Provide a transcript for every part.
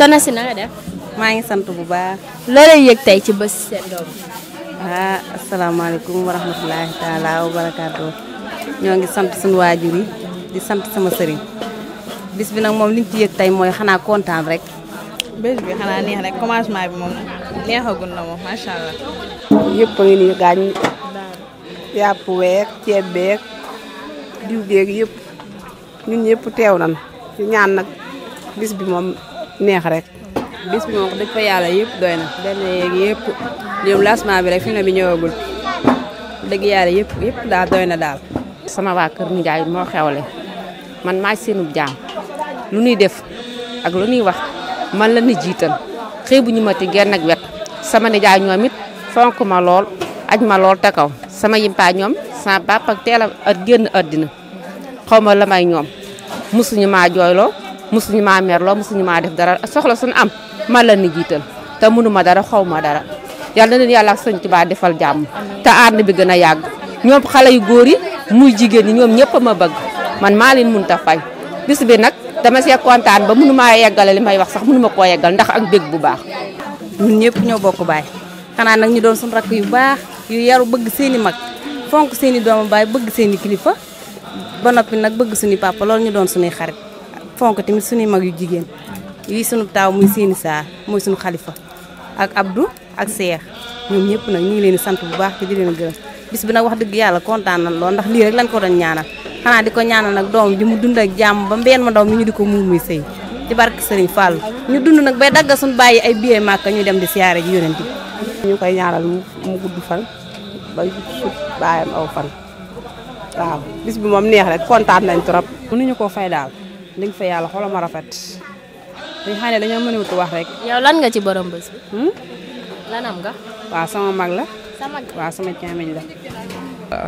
sona si na nga def ma ngi sant bu baax loolay yek tay ci bés seen doom ah alaykum wa rahmatullahi taala wa barakatuh ñoo ngi sant sun wajuri di sant sama sëriñ bis bi nak mom liñ ci yek tay moy xana content rek bis bi xana neex rek commencement bi mom neexagul na ma sha allah yep a ngi nii gaañ yàpp wek ceeb beek diw beek yep ñun ñëpp teew nan ñaan nak bis bi mom neex rek bis bi moom dëgg fa yàlla yëpp doy na benn yeeg yëpp ñoom lancement bi rek fi na bi ñëwagul dëgg yàlla yëpp yëpp daal doy na daal sama waa kër Ndiaye moo xewle man maay seenub jaam lu nuy def ak lu nuy wax man la ni jiital xëy bu ñu ma genn ak wet sama nijaay ñoom it fonk ma lool aj ma lool te kaw sama yimpaa ñoom sama bàpp ak teel a génn àddina xaw ma la may ñoom mosuñu maa jooyloo musuñu mer lo musuñu ma def dara soxla suñu am ma la ni jiital te mënuma dara xawma dara yalla na yalla yàlla ak defal jamm te ànd bi gëna yag ñom xalé yu góor yi muy jigéen ni ñom ñepp ma bëgg man ma leen mënta fay bis bi nak dama sé contane ba mënuma yeggale li may wax sax mënuma ko yeggal ndax ak bég bu baax ñun ñepp ño bokk bay xana nak ñu doon suñu rak yu baax yu yaru bëgg seeni mag fonk seeni doom bay bëgg seeni kilifa ba nopi nak bëgg suñu papa lool ñu doon suñu xarit fonk tamit suñuy mag yu jigéen yi sunu taw muy seeni saar mooy sunu xalifa ak abdou ak cheikh ñoom ñëpp nag ñu ngi leen di sant bu baax te di leen gërëm bis bi nag wax dëgg yàlla kontaan nan lool ndax lii rek lañ ko doon ñaanal xanaa di ko ñaanal nag doom ji mu dund ak jàmm ba mbeen ma doom mi ñu di ko muur muy sëy ci barke sëriñ Fall ñu dund nag bay dagga suñu bàyyi ay biye màkka ñu dem di siyaare ji yonent bi ñu koy ñaanal mu gudd fan ba sut bàyyam aw fan waaw bis bi moom neex rek kontaan nañ trop mënuñu ko fay daal dëgg fa yàlla xoolal ma rafet li xam ne dañoo mënut wax rek. yow lan nga ci borom bés bi. Hmm? nga. waaw sama mag la. sama mag waaw la.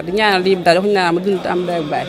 di ñaanal lii daal waxuñu naan ma dund am doy bu baax.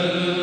Hallelujah.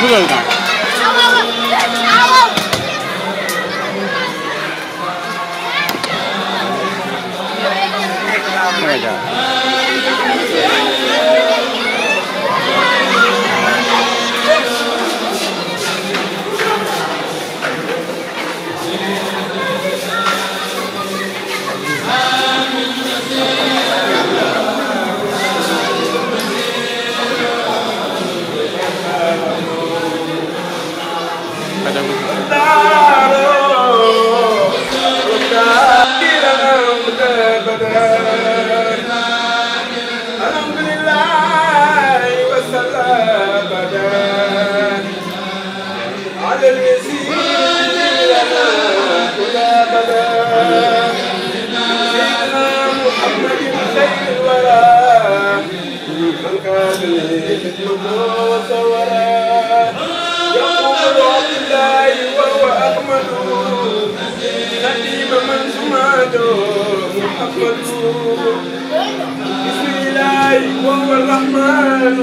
그걸 بسم الله وهو الرحمن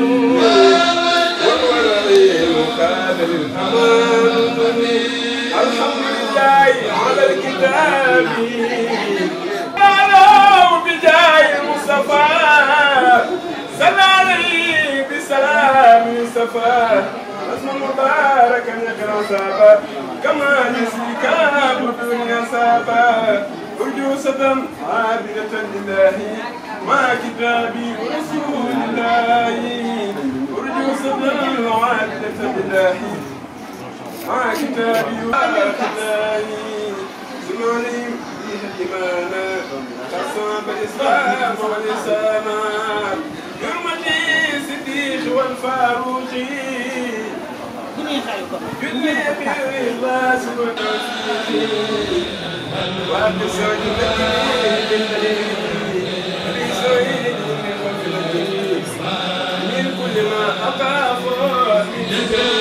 وهو الرحيم قابل الأمان الحمد لله على الكتاب أنا بجاه المصطفى المصطفى اسم المبارك نقرا سابا كما يسلكاب الدنيا سابا ارجو سدم عابدة لله مع كتابي ورسول الله ارجو سدم عابدة لله مع كتابي ورسول الله سمعني به الإيمان قد صاب الإسلام والإسلام الصديق والفاروق كل بإخلاص وتوفيق وأقسم بالله من كل ما أخاف من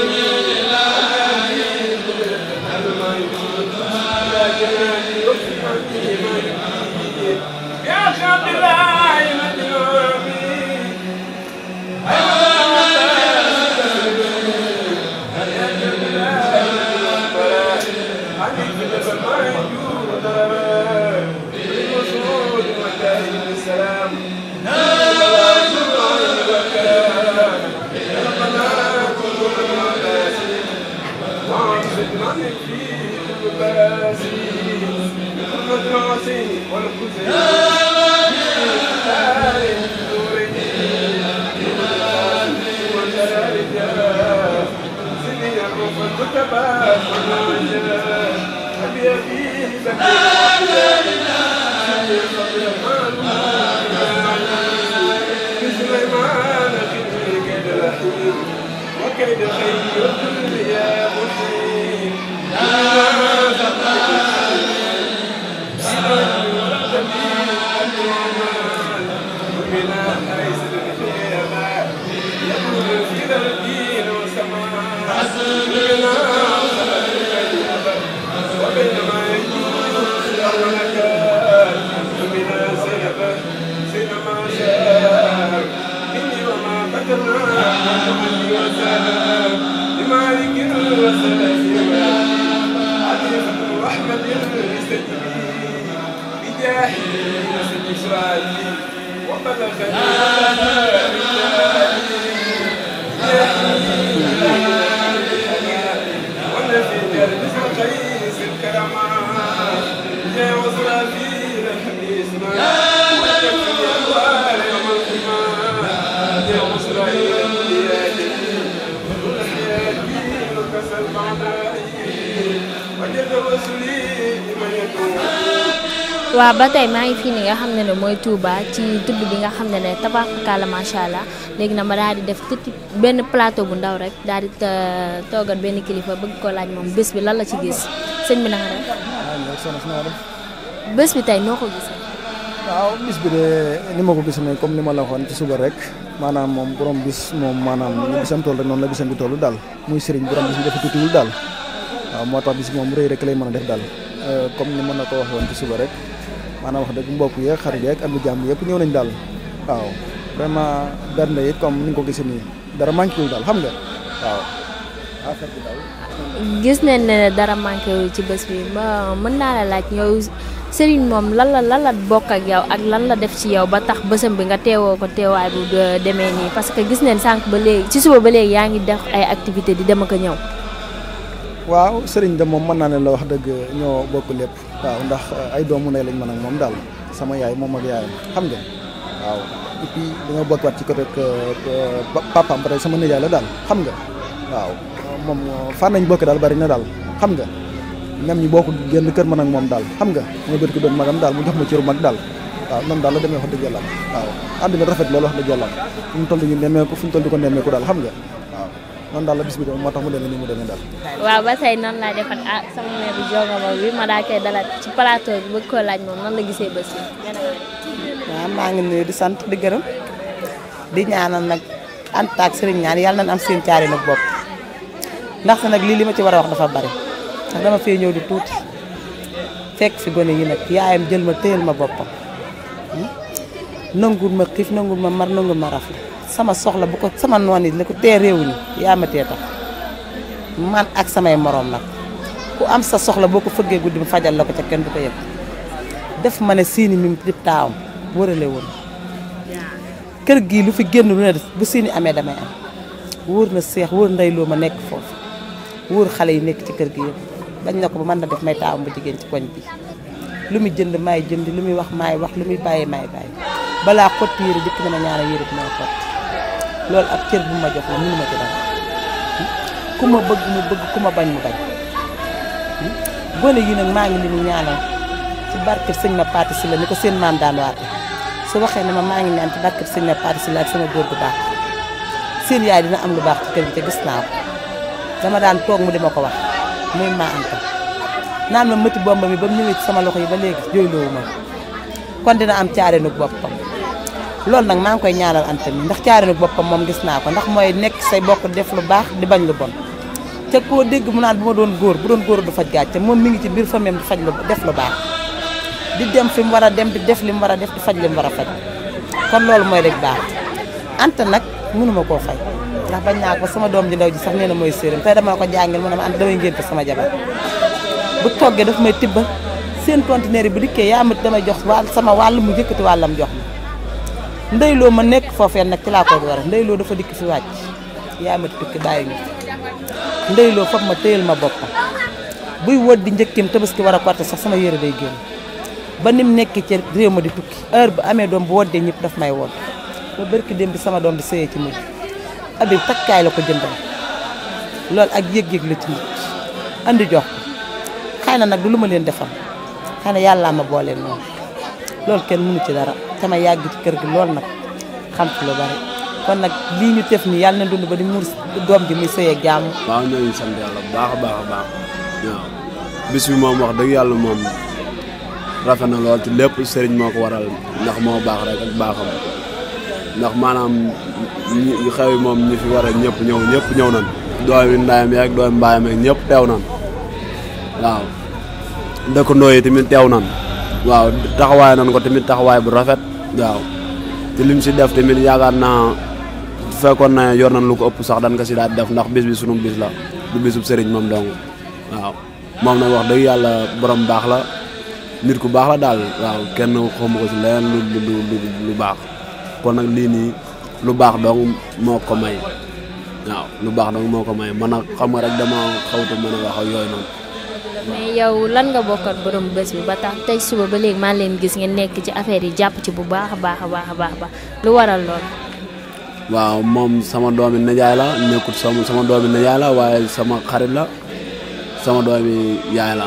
وكيد خير الدنيا وبلغ wa ba tey maa ngi fii ni nga xamne ne moy Touba ci tudd bi nga xamne ne ne ma sha allah legui na ma daal di def tuuti ben plateau bu ndaw rek daal di toogal benn kilifa bëgg ko laaj mom bés bi lan la ci gis sëñ bi na nga def bés bi tay noko gis waaw bis bi de ni mako gis ne comme ni ma la xon ci suba rek manam mom borom bis mom manam ni bisam tol rek non la bisam bi tolu dal muy sëriñ borom bis def tutul dal waaw moo tax bis mom reey rek lay mën a def daal euh, comme ni ma la ko waxoon ci suba rek manam wax deug mbokk ye xarit yeeg am jamm yep ñew nañ dal waaw vraiment benn it comme ni nga ko gisee ni dara manqué wu dal xam nga waaw gis nañ ne dara manqué wu ci bëss bi ba mën na la laaj yow Serigne mom lan la lan la bokk ak yow ak lan la def ci yow ba tax bëssam bi nga téwo ko téway bu démé ni parce eh, que gis nañ sank ba légui ci suba ba légui yaangi def ay activité di dem ak ñew Wow sering de moom mën naa ne la wax dëgg ñoo bokk lépp waaw ndax eh, ay doomu ngomong lañ sama yaay moom ak yaayam xam nga waaw et puis dañoo bokkaat ci côté eh, eh, papaam ba sama nijaay la daal xam nga waaw moom fan nañ bokk daal bari na daal xam nga même ñu bokk génn kër man ak moom daal xam nga ma bëgg ko doon magam daal mu jox ma cëru mag daal waaw noonu daal la demee wax dëgg yàlla waaw àddina rafet loolu wax dëgg yàlla fu mu toll ñu nemmeeku fu mu noonu daal la bis bi dem moo tax mu demee nii mu demee daal. waaw ba tey nan laa defar ah sama mère jongoma bi ma daa koy dalal ci plateau bi bëgg koo laaj moom nan la gisee bés yi. waaw maa ngi nuyu di sant di gërëm di ñaanal nag Anta ak Serigne ñaan yàlla nañ am seen caari nag bopp nag lii li ma ci war a wax dafa bari dama fee ñëw di tuuti fekk fi gone yi jël ma téyel ma boppam hmm? nangul ma xiif nangul ma mar nangul ma rafet. sama soxla bu ko sama noni yi ne ko tee réew mi yaa ma tee tax man ak samay morom nak ku am sa soxla boko fëggé fëggee guddi mu fajal la ca kën du ko yëg def ma ne siini mi dib taawam wërale woon kër gii lu fi génn lu ne def bu sini amé damay am wóor na cheikh wóor ndey lo ma nek foofu wóor xale yi nek ci kër gi bañ nako ko ba mën na def may taw bu jigéen ci koñ bi lu muy jënd may jënd lu muy wax may wax lu muy bàyyi maay bàyyi balaa xotti yére na ñaara yére ko xott loolu ab cër bu ma jox la mënu ma ci dara bëgg mu bëgg ku ma bañ mu bañ gone yi nag maa ngi leen di ñaanal ci barke sëñ ma paati si la ni ko seen maam daan waate su waxee ne ma maa ngi ñaan ci barke sëñ ma paati si la ak sama góor bu baax seen yaay dina am lu baax ci kër gi te gis naa dama daan toog mu dima ko wax muy maa am ko naan ma mëti bomba mi ba mu ñëwee ci sama loxo yi ba léegi jooyloowu ma kon dina am caare nu boppam lool nak mang koy ñaanal Anta mi ndax caare nag bopam mom gis naa ko ndax moy nek say bokk def lu bax di bañ lu bon te ko deg mu naan buma doon goor bu doon goor du faj gàcce mom mi ngi ci bir famem faj lu def lu bax di dem fim wara dem di def lim wara def di faj lim wara faj kon lool moy rek baax Anta nak mënuma koo fay ndax bañ naa ko sama dom ji ndaw ji sax neena moy mooy tay dama ko jangal mu ne ma Anta damay ngénte sama jabar bu togge daf may tibba sen conteneur bi dikke ya yaa damay jox wal sama wal mu jekati walam jox ndeyloo ma nekk foofee nag ci laa ko war a ndeyloo dafa dikk fi yaa ma tukki bàyyi ñu ndeyloo foofu ma téyal ma boppam buy wër di njëkkim tabaski war a korte sax sama yére day génn ba nim nekk ci réew ma di tukki heure bu amee doom bu woddee ñëpp daf may wodd ba barki dem bi sama doom di sëyee ci mujj abib takkaay la ko jëndal loolu ak yëg-yëg la ci andi jox ko na nag du lu ma leen defal xëy na yàllaa ma boole noonu loolu kenn mënu ci dara dama yàgg ci kër gi lool nag xam ci lu bari kon nag lii ñu tef nii yàlla na dund ba di muur doom ji muy sëyee jàmm. waaw ñoo ngi sant yàlla bu baax a baax baax waaw bis bi moom wax dëgg yàlla moom rafet na lool ci lépp sëriñ moo ko waral ndax moo baax rek ak baaxam ndax maanaam ñu xew yi moom ñu fi war a ñëpp ñëw ñëpp ñëw nañ. doomi ndaayam yeeg doomi mbaayam yeeg ñëpp teew nañ waaw dëkkandoo yi tamit teew nañ waaw taxawaay nañ ko tamit taxawaay bu rafet. waaw te si def tamit yaakaar naa fekkoon na yor nañ lu ko ëpp sax dan ko si daal def ndax bis bi sunu bis la du bisub sëriñ moom dong waaw moom nag wax dëgg yàlla borom baax la nit ku baax la daal waaw kenn xawma ko si leneen lu lu lu baax kon nag lii nii lu baax dong moo ko may waaw lu baax dong moo ko may man nag xam nga rek dama xaw xawta mën a wax ak yooyu noonu mais yow lan nga bokkat borom bés bi ba tax tey suba ba léegi maa leen gis ngeen nekk ci affaire yi jàpp ci bu baax baax a baax a baax lu waral lool. waaw moom sama doomi nijaay la nekkul sama sama doomi nijaay la waaye sama xarit la sama doomi yaay la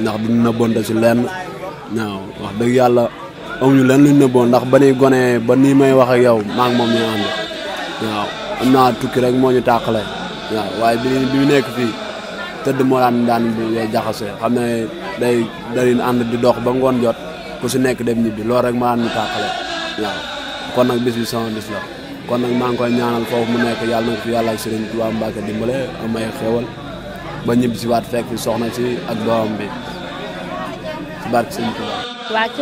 ndax du nëbbonte si lenn waaw wax dëgg yàlla amuñu lenn luñ nëbboon ndax ba nuy gone ba nii may wax ak yow maa ngi moom ñu ànd waaw tukki rek moo ñu tàqale waaw waaye bi bi nekk fii. tëdd moo daan daan jaxase xam ne day darin ànd di dox ba ngoon jot ku si nekk dem ñibbi loolu rek ma daan ñu tàqale kon nag bis bi sama bis la kon nag maa ngi koy ñaanal foofu mu nekk yàlla na ko fi yàlla ak Serigne Touba Mbacke dimbale ba ñibbi si waat fekk fi soxna si ak doomam bi si barke Serigne Touba waaw ki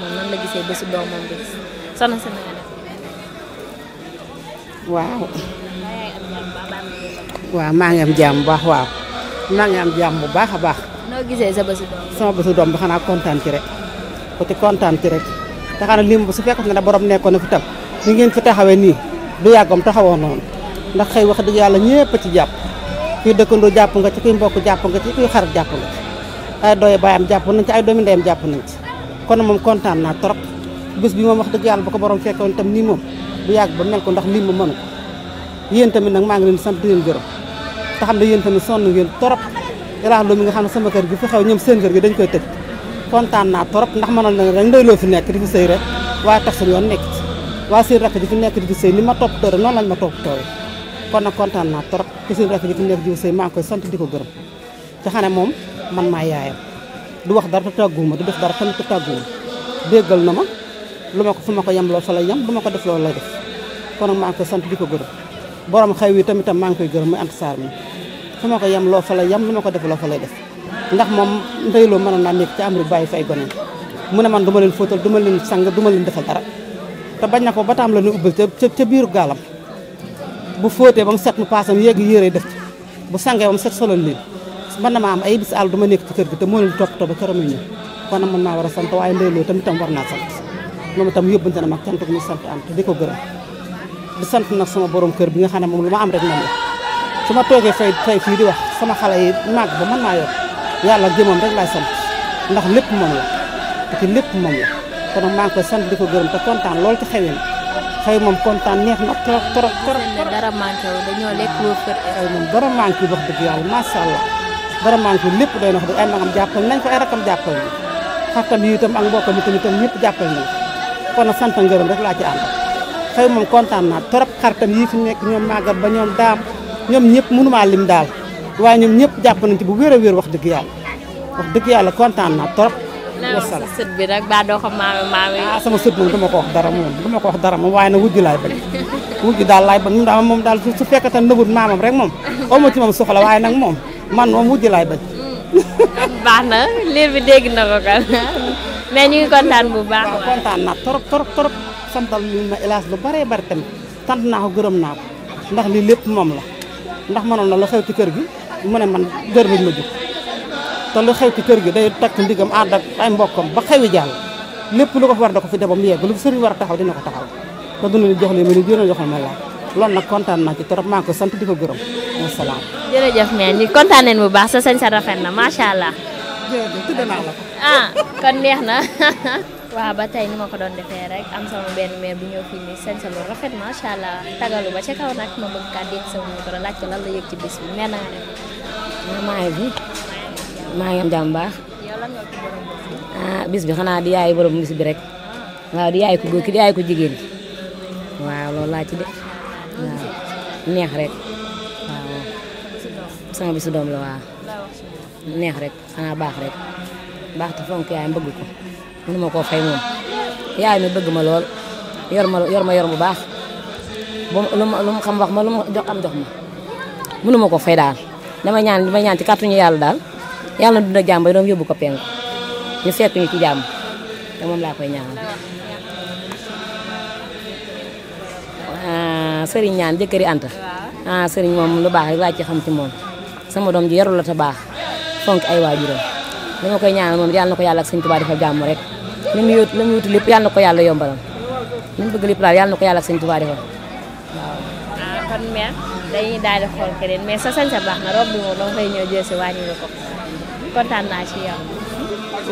ma moom nan la gisee bésu doomam bi soxna si Wow. Wow, mang ngi am jàmm bu baax waaw maa am jàmm bu bah bah. No gisé sa bësu doom sama bësu doom bi xanaa kontaan ci rek ko ci kontaan ci rek Da xana limbu su fekk na borom nekk na fi tam ni ngeen fi taxawé ni du yàggam taxawo non. ndax xey wax dëgg Yalla ñepp ci japp. kuy dekkandu japp nga ci kuy mbokk japp nga ci kuy xar japp nga ay dooy bayam japp nañ ci ay doomi ndeyam japp nañ ci kon mom kontaan na trop. bés bi moom wax dëgg yàlla ba ko borom fekkoon tam nii moom bu yàgg ba mel ko ndax lii ma mënu yéen tamit nag maa ngi leen sant di leen gërëm te xam ne yéen tamit sonn ngeen torop Elhadj Lo mi nga xam ne sama kër gi fi xew ñoom seen kër gi dañ koy tëj kontaan naa torop ndax mënoon na rek ndoy loo fi nekk rek waaye tax suñu yoon nekk waa seen rakk ji fi nekk di fi sëy ni ma topp toore noon lañ ma topp toore kon nag kontaan naa torop te seen rakk ji fi nekk di fi sëy maa ngi koy sant di ko gërëm te xam ne moom man maa yaayam du wax dara te tàgguwuma du def dara tamit te tàgguwuma déggal na ma lu ma ko fu ma ko yem loo fa la yem lu ma ko def loolu lay def kon nag maa ngi sant di ko gërëm borom xew yi tamit tam koy gërëm muy Anta Sarr mi ma ko yem loo fa la lu ma ko def lay def ndax moom ndeyloo mën naa nekk am ru bàyyi fay gone mu ne man duma leen fóotal duma leen sang duma leen defal dara te bañ na ko ba taam la ñu ubbil ca biiru gaalam bu fóotee ba mu set mu paasam yéegi yére def bu sangee ba mu set solal na ma am ay bis àll nekk ci kër gi te moo leen topp topp ba këram ñu kon nag mën naa war a sant waaye ndeyloo tamit tam war naa sant mom tam yobante na mak cant ko ni sante am diko di ko gërëm di sant nag sama borom kër bi nga xam mom luma am rek mom suma toge fay fay fi di wax sama xale yi màgg ba mën naa yor yàlla jëmam rek lay sant ndax lepp mom la te lepp mom la kon ma ko sant di ko gërëm ci xewel xëy mom contane neex na tor tor tor dara manke wu dañoo lekk kër ay mom dara manke wax yalla ma sha allah dara manke lepp doy na wax dëgg ay magam jappal nañ ko ay rakam jappal xatam yi tam ak mbokkam itam tam ñepp jappal nañ kon sant ngeureum rek la ci ànd xew mom contane na torop xaritam yii fi nek ñom magal ba ñom daam ñoom ñëpp mënumaa lim dal waaye ñom ñepp japp nañ ci bu wér a wér wax dëgg yàlla wax dëgg yàlla kontaan naa trop wasalaam seut bi rek ba do ko maame maame ah sama seut mom dama ko wax dara mom dama ko wax dara mom way na wujju lay bañ wujju dal lay bañ ndam mom dal su fekkata neugut mamam rek mom amu ci mom soxla way nak mom man mom wujju lay bañ mm. baax na liir bi dégg na ko kan menu kontan ngi kontaan bu baax. waaw kontaan naa torop torop torop santal ñu ma hélas lu baree bari tamit sant naa ko gërëm naa ko ndax lii lépp moom la ndax mënoon na la xew ci kër gi mu ne man gër bi ma jóg te lu xew ci kër gi day takk ndigam ànd ak ay mbokkam ba xewi jàll lépp lu ko war da ko fi debam yegg lu sëriñ war taxaw dina ko taxaw te duna li jox ni dina jox ma laaj loolu nag kontaan naa ci torop maa sant di ko gërëm wa salaam jërëjëf meen ñi kontaan bu baax sa sañ sa rafet na macha allah jërëjëf tudd la ko ah kon neex na waaw ba tey ni ma ko doon am sama benn maire bu ñëw fii nii seen sa lu rafet macha allah tagalu ba ca kaw nag ma bëgg kaa dégg sama micro laaj ko lan la yëg ci bis bi mais na nga def maa ngi fi maa ah bis bi xanaa ibu yaay borom bis bi rek waaw di yaay ko góor ki di yaay ko jigéen neex rek waaw sama bisu doom la waaw neex rek xanaa baax rek baax te fonk yaay mbeug ko mënuma koo fay ya yaay mi bëgg ma lool yor ma yor ma yor bu baax lu lu xam wax ma lu jox am jox ma mënuma ko fay daal dama ñaan dama ñaan ci kàttuñu yàlla daal yàlla na dund ak jàmm doom yobbu ko peng ñu fekk ñu ci jamm te mom la koy ñaanal ah, sëriñ ñaan jëkëri anta ah sëriñ mom lu baax rek laa ci xam ci mom sama doom ji yarul la baax fonk ay waajuram dama koy ñaanal mom yalla nako yalla ak sëñ Tuubaa defal jamm rek li mu yóotu li mu yóotu lépp yàlla na ko yàlla bëgg lepp daal yalla nako yalla ak sëñ Tuubaa defal waaw. Ah, mère dañuy daal keneen mais sa na rob bi moom dama koy ñëw jël ko ci yow.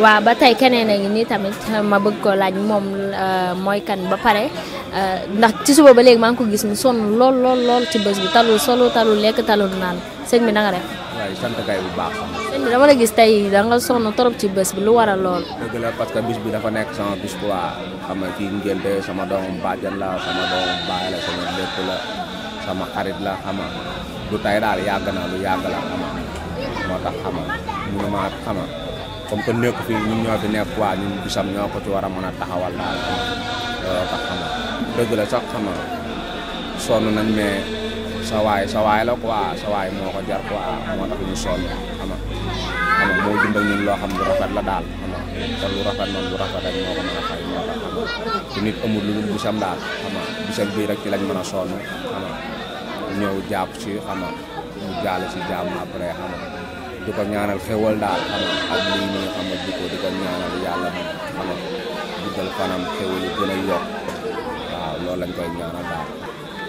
ba ngi tamit ma bëgg laaj euh, kan ba pare euh, ndax ci suba ba ngi ko gis mu ci bi solo sëñ bi nangare nga def sant kay bu baax sax bi dama la gis tay da nga sonu torop ci bëss bi lu waral lool deug la parce que bis bi dafa nek sama bis quoi xam nga ki ngeenté sama doom baajan la sama doom baay la sama lepp la sama xarit la xam nga du tay daal yàgg na lu yàgg la xam nga moo tax xam nga ñu ma xam nga comme que nekk fi ñun ñoo fi nekk quoi ñun bisam ñoo ko ci wara mëna taxawal daal euh tax xam nga deug la sax xam nga sonu nañ mais sa waay sa waay la moo ko jar quoi moo tax ñu sonn xam nga moo jëndal ñun loo xam lu rafet la daal xam nga lu rafet noonu lu rafet rek moo ko mën a fay moo tax xam nga nit amul lu dul bisam daal xam nga bisam bii rek ci lañ mën a sonn xam ñëw jàpp ci xam nga ñu jàll ci jàmm après xam nga ko ñaanal xewal daal xam ak lii nii xam nga di di ko ñaanal yàlla xam nga dugal fanam xewal yi gën yokk waaw loolu lañ koy ñaanal daal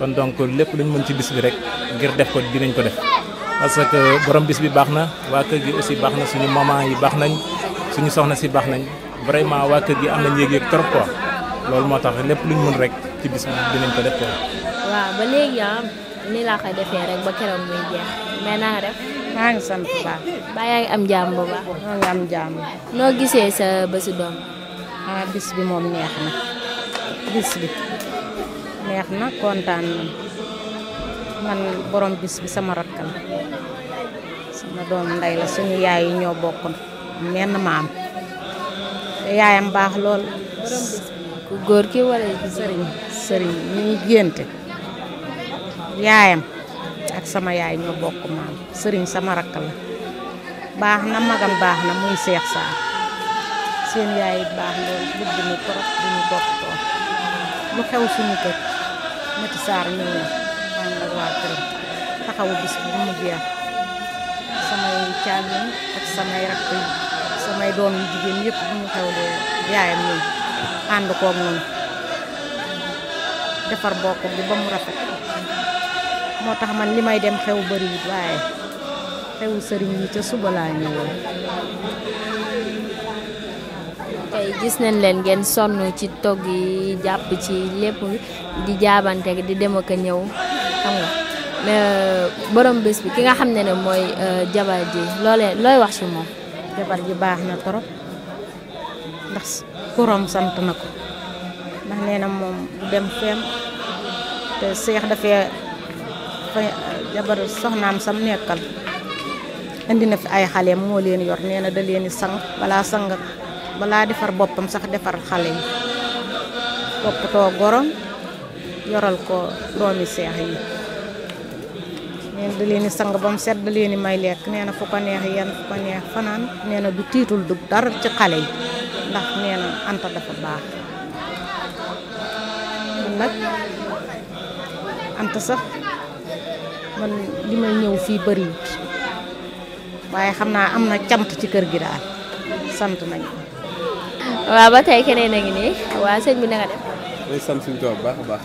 kon donc lepp luñ mën ci bis bi rek ngir def ko dinañ ko def parce que borom bis bi baxna wa keur gi aussi baxna suñu maman yi baxnañ suñu soxna si baxnañ vraiment wa keur gi am nañ yéeg yéeg trop quoi lolou motax lepp luñ mën rek ci bis bi dinañ ko def quoi. wa ba léegi ya ah, ni la koy defé rek ba keroog muy jeex mais na def. ma nga sant ba ba yaa am jamm bu baax. maa ngi am jamm no gisé sa bésu doom. ah bis bi mom neex na bis bi. neex na kontaan man borom bis bi sama rakkal sama doomu ndey la suñu yaay yi ñoo bokk menn maam te yaayam baax lool ku góor ki wala sëriñ sëriñ ñu génte yaayam ak sama yaay ñoo bokk maam sëriñ sama rakk la baax na magam baax na muy seex saa seen yaay baax lool bëgg ñu trop duñu bokk lu xew suñu kër Mati Sarr ñëw na ànd ak waa këram taxawu bis bu mu jeex samay càmmiñ ak samay rakk yi samay doom yu jigéen yëpp bu ñu xewlee yaayam ñun ànd ba mu rafet moo tax man dem gis nañ ci ci di jaabante di dem ak a ñëw xam nga euh, borom bés bi ki nga xam ne ne mooy euh, jabar ji loolee looy wax si moom. jabar ji baax na torop ndax kuram ko ndax nee na moom du dem fem te seex dafee fa sam nekkal indi na fi ay xaleem moo leen yor nee da leen di sang balaa sang balaa defar boppam sax defar xale yi toppatoo gorom yoral ko doomi seex yi neen da leen sang bam set da leen may lek neena fu ko neex yenn fu ko neex fanan neena du titul du dar ci xale yi ndax neena anta dafa baax nak anta sax man li ñew fi bari waye xamna amna ciant ci kër gi daal sant nañ wa ba tay keneen nga ni wa señ bi na nga def way sant suñu tubaab baax a baax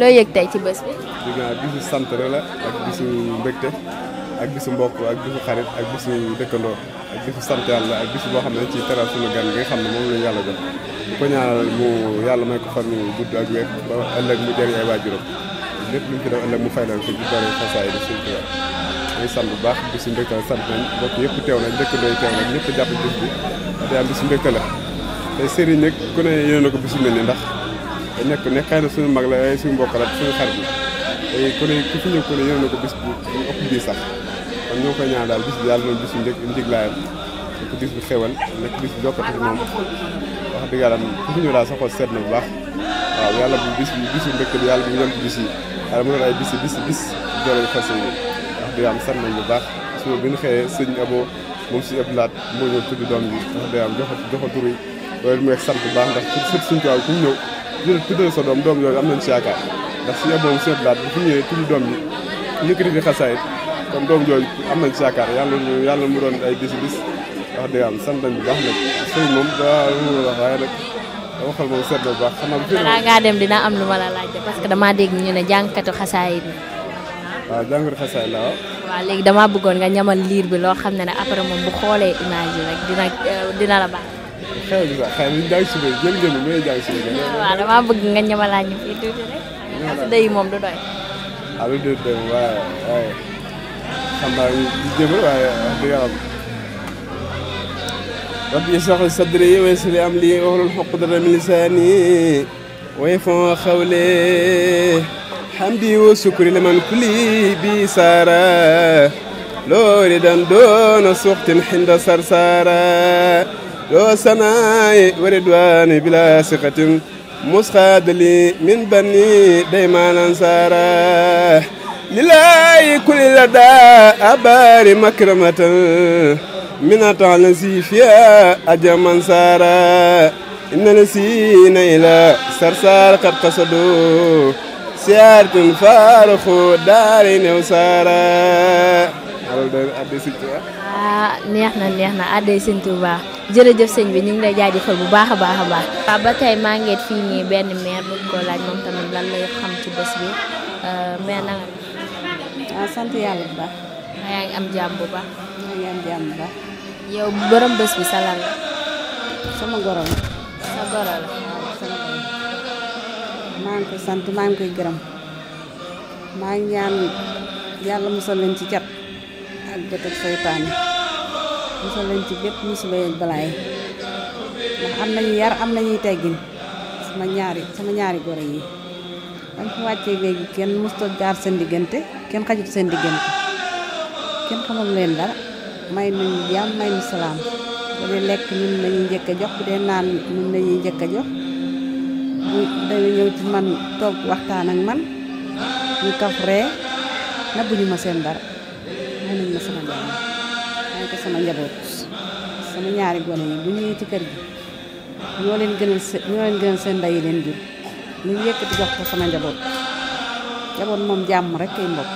loo yëg tey ci bés bi. dégg naa bisu sant la ak bisu mbégte ak bisu mbokk ak bisu xarit ak bisu dëkkandoo ak bisu sant yàlla ak bisu boo xam ne ci teral suñu gan gi nga xam ne la yàlla jox bu ko ko fan yu gudd ak wér ba ëllëg mu jëriñ lépp lu ñu fi mu fay leen ko ci bëri xasaay bi suñu tubaab muy sant bu baax bisu sant nañ mbokk yëpp teew nañ dëkkandoo ñëpp jàpp bis bi te am bisu la te sëriñ nag ku ne yéene ko bisu mel ni ndax nekk ne xëy na suñu mag la ay suñu mbokk la suñu xarit la ku ne ku fi ñëw ku ne ñëw na ko bis bu ëpp bii sax kon ñoo koy ñaan daal bis bi yàlla doon bisu njëg njëglaayam nekk bis bu xewal nekk bis bu jokkati ci moom wax dëgg yàlla ku fi ñëw daal sa xol seet na bu baax waaw yàlla bu bis bi bisu mbëkk bi yàlla bu yem ci bis yi yàlla mu doon ay bis bis bis joolee fas yi wax dëgg yàlla seet nañ bu baax suba bi ñu xëyee sëñ abo moom si ëpp laat moo ñëw tudd doom bi wax dëgg yàlla joxe joxe tur yi loolu mooy sant bu baax ndax sët suñ tuwaaw ku ñëw jël tuddal sa doom doom yooyu am nañ si yaakaar ndax si yeboom seet laat bu fi ñëwee tudd doom yi yëkkati fi xasaayit kon doom yooyu am nañ si yaakaar yàlla ñu yàlla mu doon ay bisi bis wax dëgg yàlla sant nañ bu baax nag sëy moom daa wóor wax waaye nag waxal moom seet bu baax xanaa bu fi balaa ngaa dem dina am lu ma la laajte parce que damaa dégg ñu ne jàngkatu xasaayit waaw jàngkatu xasaayit la waaw léegi damaa bëggoon nga ñamal liir bi loo xam ne ne après moom bu xoolee image yi rek dina dina la baax xew di baax xëy na daaw suba jël nga ni mais daaw suba. waaw damaa bëgg nga ñamalaa ñu fii tuuti rek. xasida yi moom du doy. waaw lu dul doy waaye waaye xam naa ñu jëmal waaye wax dëgg yàlla. رب يشرح لي صدري ويسر لي أمري واحلل عقدة من لساني ويفهم قولي حمدي وشكري لمن كلي بسارة لو ريدان دون سوقت حند سرسارة لو سناي وردواني بلا ثقة مسخاد لي من بني دايما انصاره لله كل لدى أبار مكرمة من تعلسي فيها أجمن سارا إن نسينا إلى سرسار قد قصدوا سيارة فارخ دارين وسارا ah neex na neex na adday sëñ Touba jërëjëf sëñ bi ñu ngi lay jaajëfal bu baaxa baaxa baax a ba tay ma ngeet fi nii benn mère bu ko laaj mom tamit lan lay xam ci bés bi euh mais na nga waaw sant yalla bu baax yaa ngi am jàmm bu baax yaa ngi am jàmm bu baax yow borom bés bi sa lan sama gorom sa gorom la waaw sama goro maa ngi koy sant maa ngi koy gërëm ma ngi ñaan yalla musal leen ci cat ak bët ak seytaane musal leen ci bépp musiba yeeg balaay ndax am nañu yar am nañuy teggin sama ñaari sama ñaari gore yi dam fi wàccee léegi kenn musta jaar seen diggante kenn xajut seen diggante kenn xamul leen dara may nañu jàmm may nu salaam bu dee lekk ñun lañuy njëkk a jox bu dee naan ñun lañuy njëkk jox bu dañu ñëw ci man toog waxtaan ak man ñu kaf na buñu ma seen dara nah, may ma sama njabot sama ñaari gone ni bu ñëwee ci kër gi ñoo leen gënal ñoo leen gënal seen ndey leen jur ñu yëkkati jox ko sama njabot njaboot mom jamm rek kay mbokk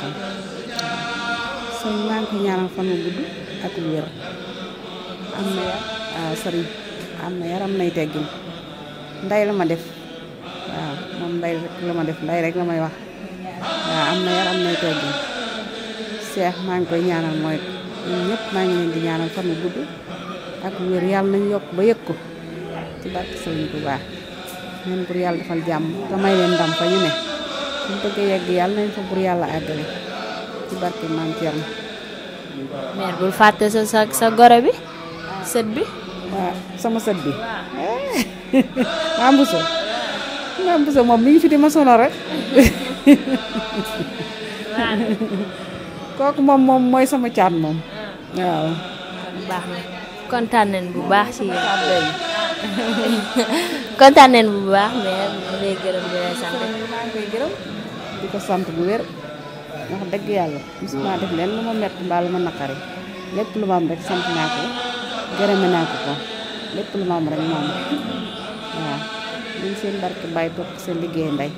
sun maa ko koy fa mu gudd ak wër am na yar ah, sori am na yaram may teggul nday la ma def waaw mom nday rek la ma def nday rek la may wax waaw am na yaram may teggul teggin seex maa ngi koy ñaanal mooy ñun ñëpp maa ngi leen di ñaanal fan wu gudd ak wér yàlla nañ yokk ba yëg ko ci barke Sëriñ Tuubaa ñun pour yàlla defal jàmm te may leen fa ñu ne suñ bëgg a yàlla nañ fa pour yàlla àggale ci barke maam Thierno. bul fàtte sa sa sa goro bi sët bi. waaw sama sët bi. Eh, maam Bousso moom mi ngi fi di ma sonal rek. kooku moom moom mooy sama caat moom waaw kon baax na kontaan bu baax ci yéen kontaan nañ bu baax mais mu lay gërëm di lay sant maa ngi ko sant bu wér wax dëgg yàlla musuma def leen lu ma mett mbaa lu ma naqari lépp lu ma am sant naa ko gërëme naa ko ko lépp lu ma am moom waaw liñ seen barke bàyyi topp seen liggéey mbay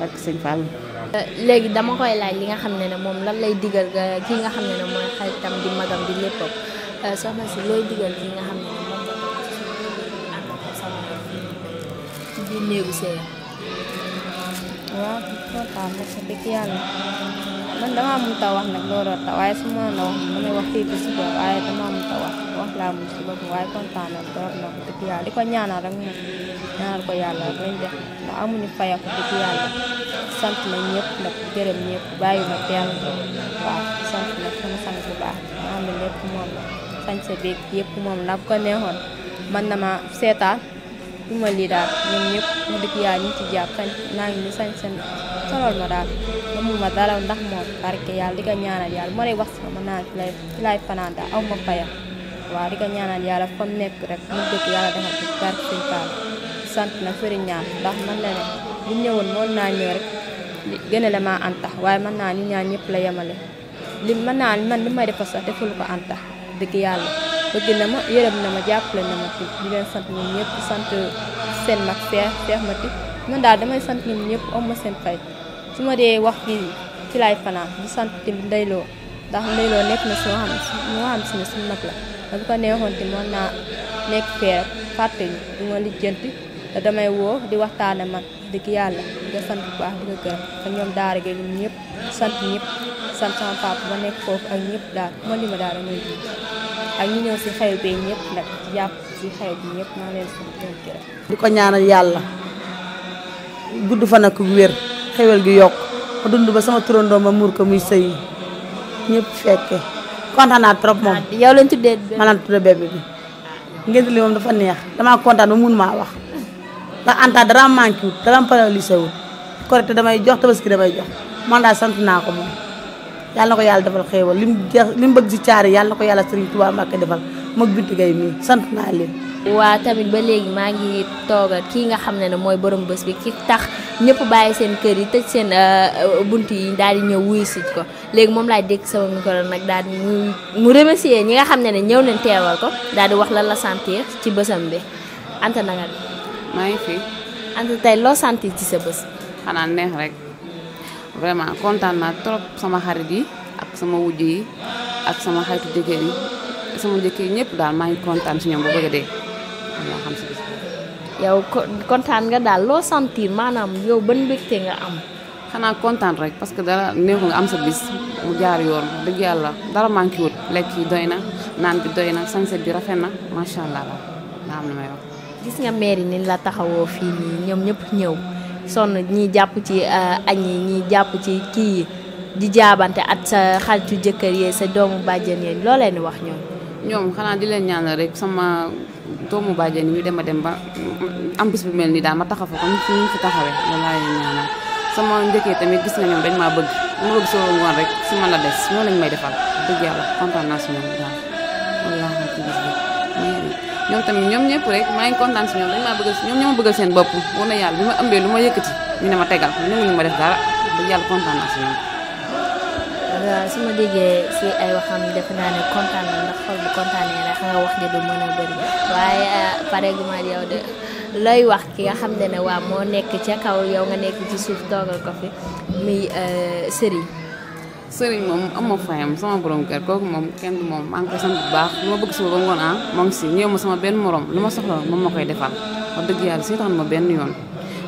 barke léegi dama koy laaj li nga xam ne ne moom lan lay digal kii nga xam ne ne mooy xaritam di magam di léppam euh, soxna si looy digal ki nga xam ne ne moom ci néegu sëy waaw kontaan na sa dëkk yàlla man damaa mënut wax nag looloo tax waaye su ma la wax damay wax fii ba suba waaye damaa mënut a wax wax laa mën si boppam waaye kontaan na lool nag dëgg yàlla di ko ñaanal rek moom ñaanal ko yàlla rek lañ def ndax amuñu fayaku dëgg yàlla sant nañ ñëpp nag gërëm ñëpp bàyyi ma kenn waaw moom la sañ sa beeg moom la bu ko neexoon man na ma seetaan. ma lii daal ñoom ñëpp mu dëkk yaa ñu ci jàpp naa ngi ni sañ seen ma daal ma mu ma ndax moom barke yàlla di ko ñaanal yàlla ma wax si ma naa ci lay ci lay fanaan nekk rek mu dëkk yàlla defal ko barke sant na fëri ñaan ndax man la ne bu ñëwoon naa ñëw rek gën a la maa waaye mën naa ñu ñaan ñëpp la yemale li mën naa man li may defal sax deful ko antax dëgg yàlla bëgg na ma yërëm na ma jàppale na ma ci di leen sant ñoom ñëpp sant seen mag feex feex ma ci man daal damay sant ñoom ñëpp am ma seen fay su ma dee wax ci ci laay fanaan di sant tamit ndeyloo ndax ndeyloo nekk na soo moo xam si ne suñu mag la dafa ko neexoon te mën naa nekk feer fàtte ñu du lijjanti te damay woo di waxtaane man dëgg yàlla di sant bu baax di nga gërëm ñoom daara gi ñun sant ñëpp sant sama papa ba nekk foofu ak ñëpp daal ma li ma daal damay ak ñi ñëw si xew bi ñëpp nag jàpp si xew bi ñëpp na leen si gërëm. di ko ñaanal yàlla gudd fa nag wér xewel gi yokk ma dund ba sama turandoo ma muur ko muy sëy ñëpp fekke kontaan naa trop moom. Ah, yow leen tuddee bébé ma leen tuddee bébé bi. ngeen li moom dafa neex damaa kontaan ba ma maa wax ndax anta dara manqué wut dara paralysé wut korité damay jox tabaski damay jox man daal sant naa ko moom. yàlla na ko yàlla defal xéewal lim lim bëgg ci caari yàlla na ko yàlla Serigne Touba Mbacké defal mag Bintu Gaye mii sant naa leen. waa tamit ba léegi maa ngi toogal kii nga xam ne ne mooy borom bës bi ki tax ñëpp bàyyi seen kër yi tëj seen euh, bunt yi daal di ñëw wuyu si ko léegi moom laay dégg sama micro nag daal di mu mu remercier ñi nga xam ne ne ñëw nañ teewal ko daal di wax lan la sentir ci bësam bi ant na nga. maa ngi fi. Anta tey loo sentir ci sa bës xanaa neex rek. vraiment content na trop sama xarit yi ak sama wujj yi ak sama xaytu jëkkër yi sama jëkkër yi ñëpp daal maa ngi content si ñoom bu bëgg a dee maa xam si bis yow content nga daal loo sentir maanaam yow ban mbégte nga am xanaa content rek parce que dara neexu nga am sa bis mu jaar yoon dëgg yàlla dara manqué wut lekk yi doy na naan bi doy na sanse bi rafet na macha allah la am na may wax gis nga maire yi ni la taxawoo fii nii ñoom ñëpp ñëw sonn ñii jàpp ci euh, añ yi ñii jàpp ci kii yi di jaabante at sa xaritu jëkkër yee sa doomu bàjjen yee loo leen wax ñoom. ñoom xanaa di leen ñaanal rek sama doomu bàjjen yi ñu dem a dem ba am gis bu mel nii daal ma taxaw fa comme ni ñu fi taxawee loolu laa leen ñaanal sama njëkkee tamit gis na ñoom dañ maa bëgg ma bëgg soo woon rek su man la des noonu lañ may defal dëgg yàlla kontaan naa si ñoom daal. ñoom tamit ñoom ñëpp rek maa ngi kontaan si ñoom dañ maa bëggal ñoom ñoo ma bëggal seen bopp war na yàlla bi ma ëmbee lu ma yëkkati ñu ne ma tegal ñu ma def dara ba yàlla kontaan naa si ñoom. waaw euh, su ma déggee si ay waxam defe naa ne kontaan na ndax xol bu kontaanee rek nga wax de du mën a bëri waaye euh, pareeguma yow de looy wax ki nga xam ne ne waa moo nekk ca kaw yow nga nekk ci suuf toogal ko fi muy euh, sëriñ. sëriñ moom amma fayam sama borom kër kooku moom kenn moom maa ngi koy sant bu baax lu ma bëgg suba ba ngoon ah moo ngi si ñëw ma sama benn morom lu ma soxla moom ma koy defal wax dëgg yàlla seetaan ma benn yoon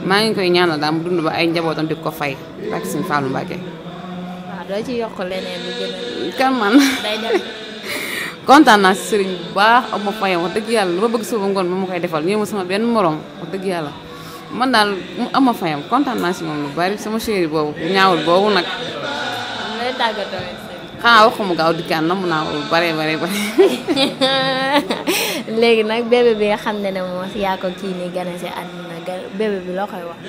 maa ngi koy ñaanal daal mu dund ba ay njabootam di ko fay ak suñu Fallou Mbacke. waaw doo ci yokk leneen lu gën a. kan man day dem. kontaan naa si sëriñ bu baax amma fayam wax dëgg yàlla lu ma bëgg suba ba ngoon moom ma koy defal ñëw ma sama benn morom wax dëgg yàlla man daal amma fayam kontaan naa si moom lu bari sama chéri boobu ñaawul boobu nag looy tàggatoo xanaa waxuma gaaw dikkaan namm naa ko bare bare bare léegi nag bébé bi nga xam ne ne ko kii nii gane si àdduna bébé bi koy wax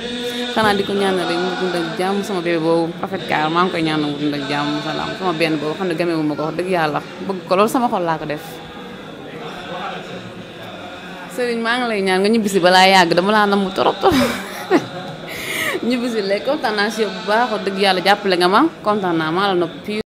ñaanal rek mu dund ak sama bébé boobu rafet kaar maa ngi koy ñaanal mu dund ak sama benn boobu xam ne gamewu ma wax bëgg ko sama xol laa ko def sëriñ maa ngi lay ñaan nga dama torop torop ñibbisi lekk kontaan naa bu baax wax dëgg yàlla jàppale nga ma kontaan naa maa la noppi